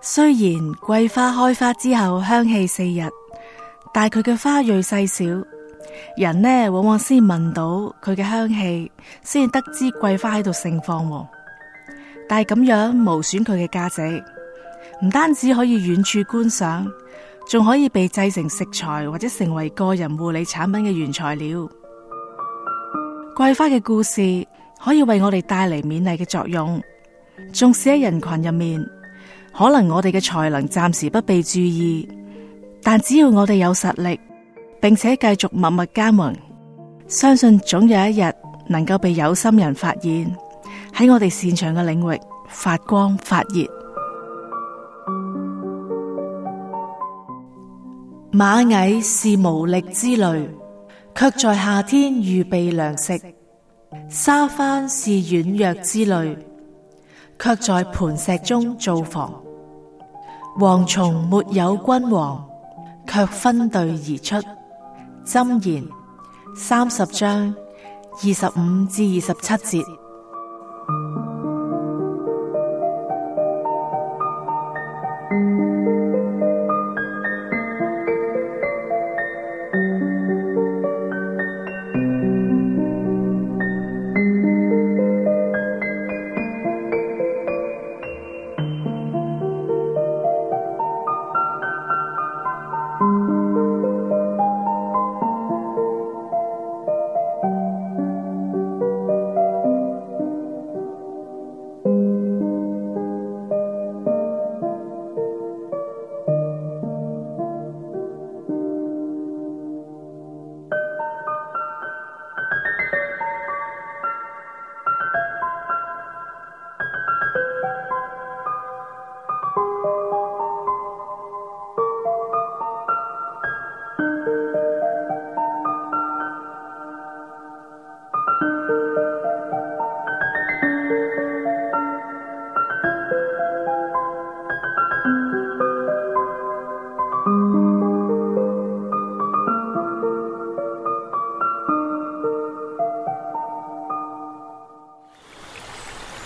雖然桂花開花之後香氣四溢，但佢嘅花蕊細小，人呢往往先聞到佢嘅香氣，先得知桂花喺度盛放。但係咁樣無損佢嘅價值，唔單止可以遠處觀賞，仲可以被製成食材或者成為個人護理產品嘅原材料。桂花嘅故事可以為我哋帶嚟勉勵嘅作用，重視喺人群入面。可能我哋嘅才能暫時不被注意，但只要我哋有實力，並且繼續默默耕耘，相信總有一日能夠被有心人發現，喺我哋擅長嘅領域發光發熱。螞蟻是無力之類，卻在夏天預備糧食；沙番是軟弱之類，卻在磐石中造房。蝗蟲沒有君王，卻分隊而出。箴言三十章二十五至二十七節。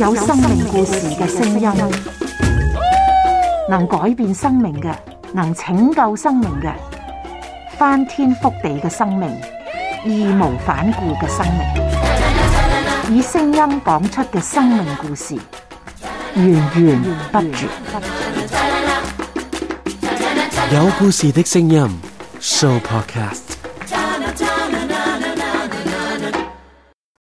有生命故事嘅聲音，能改變生命嘅，能拯救生命嘅，翻天覆地嘅生命，義無反顧嘅生命，以聲音講出嘅生命故事，源源不絕。有故事嘅聲音，Sooo Podcast。